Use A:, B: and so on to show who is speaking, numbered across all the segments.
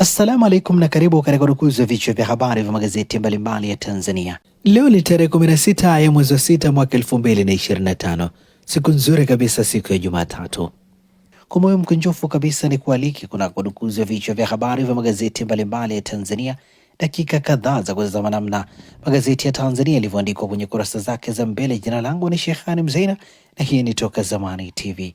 A: Assalamu alaikum na karibu katika udukuzi wa vichwa vya habari vya magazeti mbalimbali ya Tanzania. Leo ni tarehe 16 ya mwezi wa sita mwaka 2025. Siku nzuri kabisa, siku ya Jumatatu. Kwa moyo mkunjofu kabisa ni kualiki kuna udukuzi wa vichwa vya habari vya magazeti mbalimbali ya Tanzania, dakika kadhaa za kutazama namna magazeti ya Tanzania yalivyoandikwa kwenye kurasa zake za mbele. Jina langu ni shehani Mzeina na hii ni Toka Zamani TV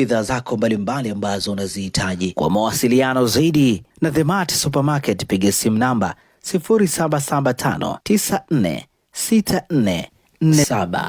A: bidhaa zako mbalimbali ambazo unazihitaji. Kwa mawasiliano zaidi na The Mart Supermarket, piga simu namba 0775946447.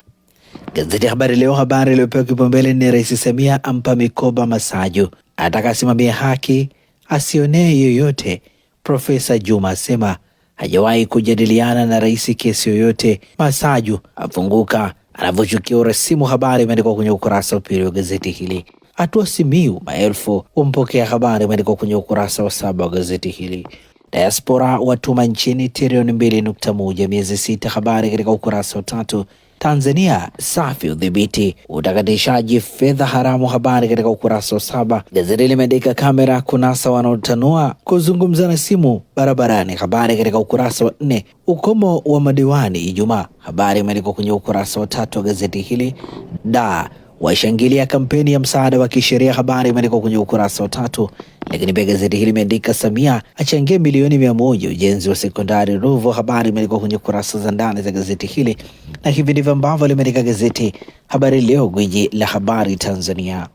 A: Gazeti ya Habari Leo, habari iliyopewa kipaumbele ni Rais Samia ampa mikoba Masaju, atakasimamia haki asionee yoyote. Profesa Juma asema hajawahi kujadiliana na rais kesi yoyote. Masaju afunguka anavyochukia urasimu. Habari imeandikwa kwenye ukurasa wa pili wa gazeti hili hatua simiu maelfu humpokea habari, imeandikwa kwenye ukurasa wa saba wa gazeti hili. Diaspora watuma nchini trilioni mbili nukta moja miezi sita, habari katika ukurasa wa tatu. Tanzania safi udhibiti utakatishaji fedha haramu, habari katika ukurasa wa saba. Gazeti limeandika kamera kunasa wanaotanua kuzungumza na simu barabarani, habari katika ukurasa wa nne. Ukomo wa madiwani Ijumaa, habari imeandikwa kwenye ukurasa wa tatu wa gazeti hili. da washangilia kampeni ya msaada wa kisheria. Habari imeandikwa kwenye ukurasa wa tatu. Lakini pia gazeti hili imeandika Samia achangia milioni mia moja ujenzi wa sekondari Ruvu. Habari imeandikwa kwenye kurasa za ndani za gazeti hili, na hivi ndivyo ambavyo limeandika gazeti Habari Leo, gwiji la habari Tanzania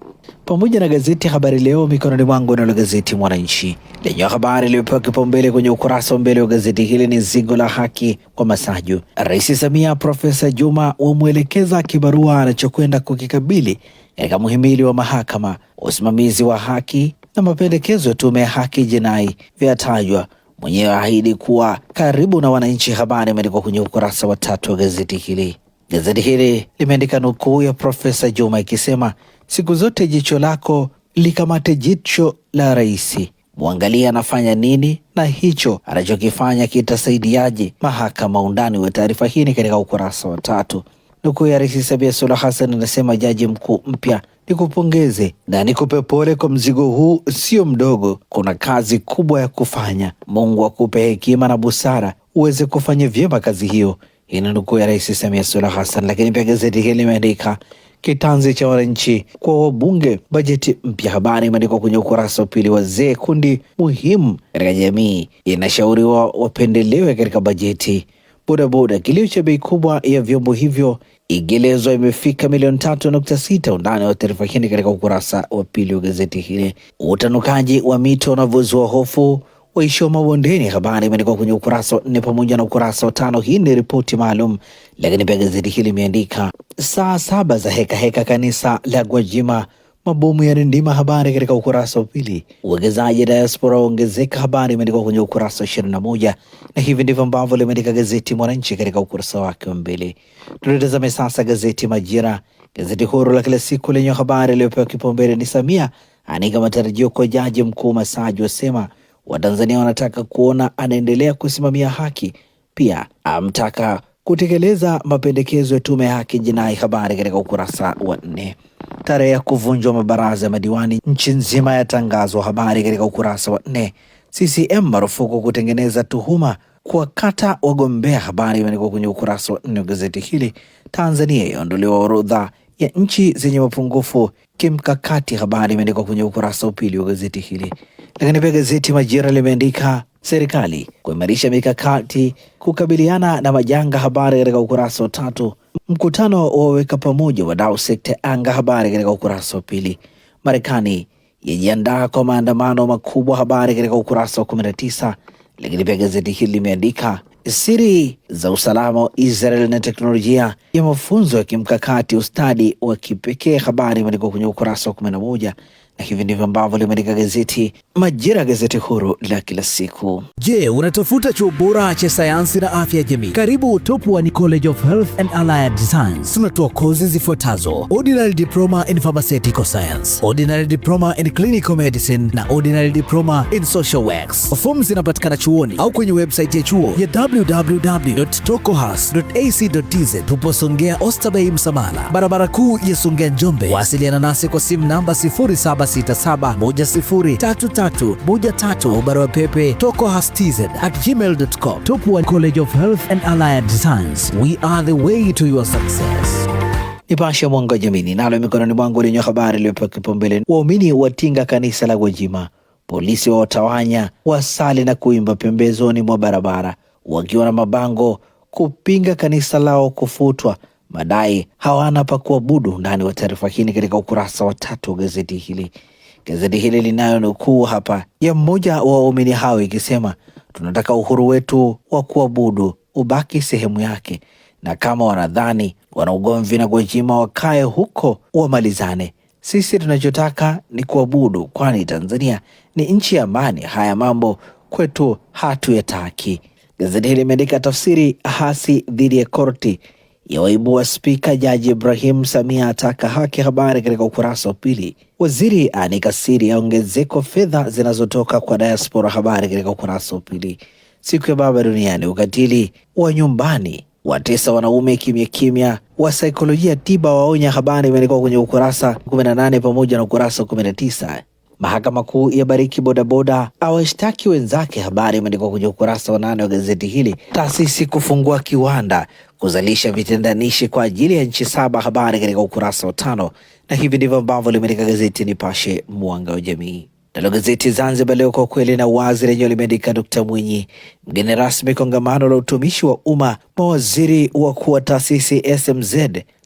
A: pamoja na gazeti Habari Leo mikononi mwangu. Nalo gazeti Mwananchi lenye habari iliyopewa kipaumbele kwenye ukurasa wa mbele wa gazeti hili ni zigo la haki kwa Masaju. Rais Samia Profesa Juma wamwelekeza kibarua anachokwenda kukikabili katika muhimili wa mahakama. Usimamizi wa haki na mapendekezo ya tume ya haki jinai vyatajwa mwenyewe ahidi kuwa karibu na wananchi. Habari imeandikwa kwenye ukurasa wa tatu wa gazeti hili. Gazeti hili limeandika nukuu ya Profesa Juma ikisema siku zote jicho lako likamate jicho la rais, mwangalie anafanya nini na hicho anachokifanya kitasaidiaje mahakama. Undani wa taarifa hii ni katika ukurasa wa tatu. Nukuu ya Rais Samia Suluhu Hassan anasema, jaji mkuu mpya, nikupongeze na nikupe pole kwa mzigo huu, sio mdogo. Kuna kazi kubwa ya kufanya. Mungu akupe hekima na busara uweze kufanya vyema kazi hiyo. Hii ni nukuu ya Rais Samia Suluhu Hassan, lakini pia gazeti hili limeandika kitanzi cha wananchi kwa wabunge, bajeti mpya. Habari imeandikwa kwenye ukurasa wa pili. Wazee, kundi muhimu katika jamii, inashauriwa wapendelewe katika bajeti. Bodaboda, kilio cha bei kubwa ya vyombo hivyo igelezwa imefika milioni tatu nukta sita. Undani wa taarifa hii katika ukurasa wa pili wa gazeti hili. Utanukaji wa mito unavyozua hofu waishio mabondeni. Habari imeandikwa kwenye ukurasa wa nne pamoja na ukurasa wa tano. Hii ni ripoti maalum, lakini pia gazeti hili limeandika saa saba za heka heka kanisa la Gwajima mabomu ya rindima. Habari katika ukurasa wa pili. Uwekezaji diaspora waongezeka, habari imeandikwa kwenye ukurasa wa ishirini na moja na hivi ndivyo ambavyo limeandika gazeti Mwananchi katika ukurasa wake wa mbili. Tunatazame sasa gazeti Majira, gazeti huru la kila siku lenye habari iliyopewa kipaumbele ni Samia anika matarajio kwa jaji mkuu Masaji wasema Watanzania wanataka kuona anaendelea kusimamia haki. Pia amtaka kutekeleza mapendekezo ya tume ya haki jinai. Habari katika ukurasa wa nne. Tarehe ya kuvunjwa mabaraza ya madiwani nchi nzima yatangazwa. Habari katika ukurasa wa nne. CCM marufuku kutengeneza tuhuma kuwakata wagombea. Habari imeandikwa kwenye ukurasa wa nne wa gazeti hili. Tanzania yaondolewa orodha ya nchi zenye mapungufu kimkakati. Habari imeandikwa kwenye ukurasa wa pili wa gazeti hili. Lakini pia gazeti Majira limeandika serikali kuimarisha mikakati kukabiliana na majanga, habari katika ukurasa wa tatu. Mkutano waweka pamoja wadau sekta ya anga, habari katika ukurasa wa pili. Marekani yajiandaa kwa maandamano makubwa, habari katika ukurasa wa tisa. Lakini pia gazeti hili limeandika Siri za usalama wa Israel na teknolojia ya mafunzo ya kimkakati, ustadi wa kipekee. Habari imeandikwa kwenye ukurasa wa kumi na moja na hivi ndivyo ambavyo limeandika gazeti Majira, gazeti huru la kila siku.
B: Je, unatafuta chuo bora cha sayansi na afya ya jamii? Karibu utopu ni College of Health and Allied Science. Tunatoa kozi zifuatazo: ordinary diploma in pharmaceutical science, ordinary diploma in clinical medicine na ordinary diploma in social works. Fomu zinapatikana chuoni au kwenye website ya chuo ya www.tokohas.ac.tz. Tupo Songea, Oysterbay Msamala, barabara kuu ya Songea Njombe. Wasiliana nasi kwa simu namba 07 767103313 au barua pepe tokohastz@gmail.com. Top College of Health and Allied Science. We are the way to your success.
A: Nipashe mwanga jamini nalo mikononi mwangu lenye habari iliyopewa kipaumbele. Waumini watinga kanisa la Gwajima, polisi wawatawanya wasali na kuimba pembezoni mwa barabara wakiwa na mabango kupinga kanisa lao kufutwa madai hawana pa kuabudu. Ndani wa taarifa hii katika ukurasa wa tatu wa gazeti hili. Gazeti hili linayo nukuu hapa ya mmoja wa waumini hao ikisema, tunataka uhuru wetu wa kuabudu ubaki sehemu yake, na kama wanadhani wana ugomvi na Gwajima wakae huko wamalizane. Sisi tunachotaka ni kuabudu, kwani Tanzania ni nchi ya amani. Haya mambo kwetu hatuyataki. Gazeti hili limeandika tafsiri hasi dhidi ya korti ya waibu wa spika Jaji Ibrahim Samia ataka haki, habari katika ukurasa wa pili. Waziri anika siri ya ongezeko fedha zinazotoka kwa diaspora, habari katika ukurasa wa pili. Siku ya baba duniani, ukatili wa nyumbani watesa wanaume kimya kimya, wa saikolojia tiba waonya, habari imeandikwa kwenye ukurasa 18 pamoja na ukurasa 19. Mahakama Kuu yabariki bodaboda awashtaki wenzake, habari imeandikwa kwenye ukurasa wa nane wa gazeti hili. Taasisi kufungua kiwanda kuzalisha vitendanishi kwa ajili ya nchi saba. Habari katika ukurasa wa tano, na hivi ndivyo ambavyo limeandika gazeti Nipashe mwanga wa jamii. Nalo gazeti Zanzibar Leo, kwa kweli na wazi lenyewe limeandika Dkt Mwinyi mgeni rasmi kongamano la utumishi wa umma, mawaziri wakuu wa taasisi SMZ,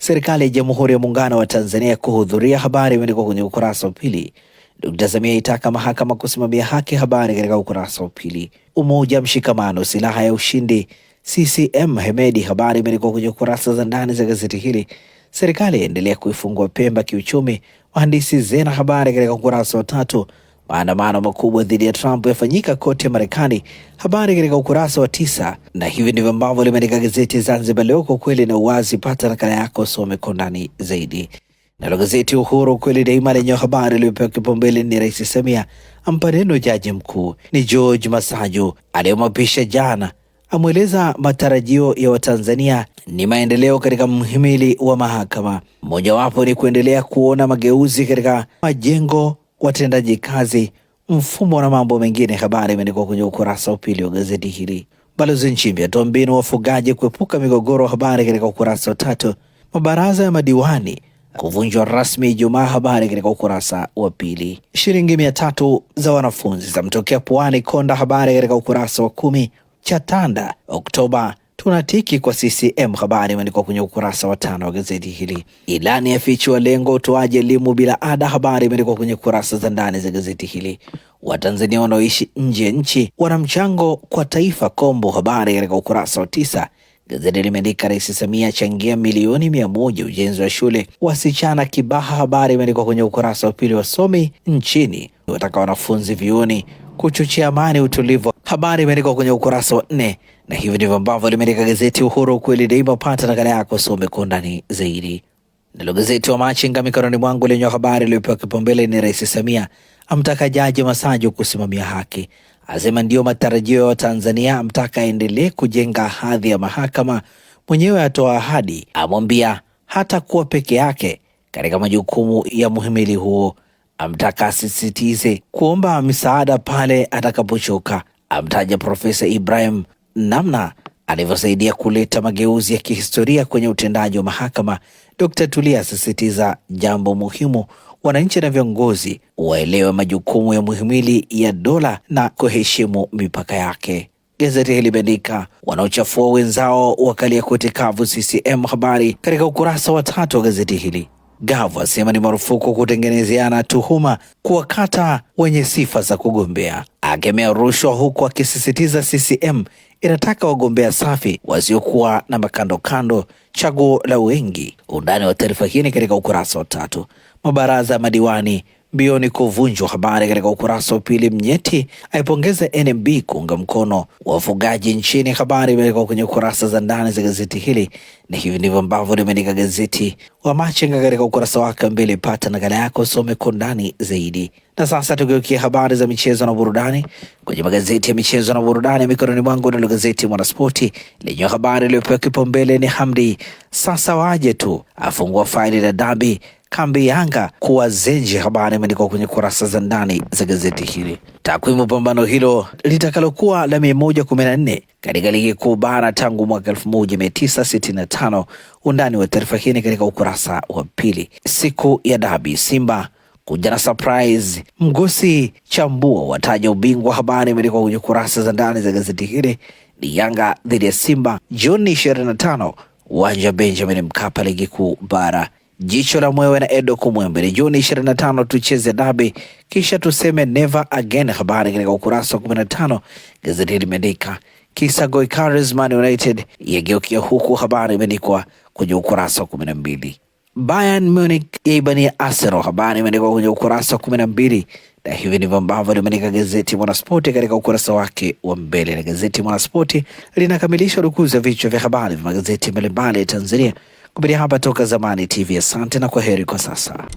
A: serikali ya Jamhuri ya Muungano wa Tanzania kuhudhuria. Habari imeandikwa kwenye ukurasa wa pili. Dkt Samia aitaka mahakama kusimamia haki. Habari katika ukurasa wa pili. Umoja, mshikamano, silaha ya ushindi CCM Hemedi. Habari imeandikwa kwenye kurasa za ndani za gazeti hili. Serikali yaendelea kuifungua Pemba kiuchumi, wahandisi Zena. Habari katika ukurasa wa tatu. Maandamano makubwa dhidi ya Trump yafanyika kote Marekani. Habari katika ukurasa wa tisa, na hivi ndivyo ambavyo limeandika gazeti Zanzibar Leo, kwa kweli na uwazi. Pata nakala yako, some kwa ndani zaidi. Nalo gazeti Uhuru kweli daima lenye habari iliyopewa kipaumbele ni Rais Samia ampa neno jaji mkuu ni George Masaju aliyemwapisha jana amweleza matarajio ya Watanzania ni maendeleo katika mhimili wa mahakama. Mojawapo ni kuendelea kuona mageuzi katika majengo, watendaji kazi, mfumo na mambo mengine. Habari imeandikwa kwenye ukurasa wa pili wa gazeti hili. Balozi Nchimbi atoa mbinu wafugaji kuepuka migogoro, habari katika ukurasa wa tatu. Mabaraza ya madiwani kuvunjwa rasmi Ijumaa, habari katika ukurasa wa pili. Shilingi mia tatu za wanafunzi zamtokea puani Konda, habari katika ukurasa wa kumi cha tanda Oktoba tunatiki kwa CCM. Habari imeandikwa kwenye ukurasa wa tano wa gazeti hili. Ilani yafichua lengo utoaji elimu bila ada. Habari imeandikwa kwenye kurasa za ndani za gazeti hili. Watanzania wanaoishi nje ya nchi wana mchango kwa taifa kombo. Habari katika ukurasa wa tisa. Gazeti limeandika Rais Samia achangia milioni mia moja ujenzi wa shule wasichana Kibaha. Habari imeandikwa kwenye ukurasa wa pili. Wasomi nchini wataka wanafunzi vioni kuchochea amani, utulivu. Habari imeandikwa kwenye ukurasa wa nne, na hivi ndivyo ambavyo limeandika gazeti Uhuru, kweli daima. Pata nakala yako, some kwa undani zaidi. Nalo gazeti wa Machinga mikononi mwangu lenye habari iliyopewa kipaumbele ni Rais Samia amtaka Jaji Masaju kusimamia haki asema ndiyo matarajio ya Watanzania, amtaka aendelee kujenga hadhi ya mahakama. Mwenyewe atoa ahadi, amwambia hatakuwa peke yake katika majukumu ya muhimili huo, amtaka asisitize kuomba misaada pale atakapochoka. Amtaja Profesa Ibrahim namna alivyosaidia kuleta mageuzi ya kihistoria kwenye utendaji wa mahakama. Dkt. Tulia asisitiza jambo muhimu wananchi na viongozi waelewe majukumu ya muhimili ya dola na kuheshimu mipaka yake. Gazeti hili limeandika wanaochafua wenzao wakalia kote kavu CCM. Habari katika ukurasa wa tatu wa gazeti hili. Gavu asema ni marufuku kutengenezeana tuhuma kuwakata wenye sifa za kugombea, akemea rushwa, huku akisisitiza CCM inataka wagombea safi wasiokuwa na makandokando, chaguo la wengi. Undani wa taarifa hii ni katika ukurasa wa tatu mabaraza ya madiwani mbioni kuvunjwa. Habari katika ukurasa wa pili. Mnyeti aipongeza NMB kuunga mkono wafugaji nchini. Habari imewekwa kwenye kurasa za ndani za gazeti hili, na hivi ndivyo ambavyo limeandika gazeti wa Machinga katika ukurasa wake wa mbele. Pata nakala yako usome kwa undani zaidi. Na sasa tugeukia habari za michezo na burudani kwenye magazeti ya michezo na burudani. Mikononi mwangu nalo gazeti Mwanaspoti lenye habari iliyopewa kipaumbele ni Hamdi sasa waje tu afungua faili la dabi kambi Yanga kuwa zenji. Habari imeandikwa kwenye kurasa za ndani za gazeti hili. Takwimu pambano hilo litakalokuwa la mia moja kumi na nne katika ligi kuu bara tangu mwaka tano. Undani wa taarifa hii ni katika ukurasa wa pili. Siku ya dabi Simba kuja na surprise, Mgosi Chambua wataja ubingwa. Habari imeandikwa kwenye kurasa za ndani za gazeti hili. Ni Yanga dhidi ya Simba Juni tano uwanja Benjamin Mkapa, ligi kuu bara Jicho la Mwewe na Edo Kumwembere Juni 25, tucheze dabi kisha tuseme never again. Habari katika ukurasa wa 15, gazeti limeandika kisa Goikares Man United yageukia huku, habari imeandikwa kwenye ukurasa wa 12. Bayern Munich yaibania Arsenal, habari imeandikwa kwenye ukurasa wa 12, na hivi ndivyo ambavyo limeandika gazeti Mwanaspoti katika ukurasa wake wa mbele, na gazeti Mwanaspoti linakamilisha rukuzi ya vichwa vya habari vya magazeti mbalimbali ya Tanzania. Kupitia hapa Toka Zamani TV. Asante na kwa heri kwa sasa.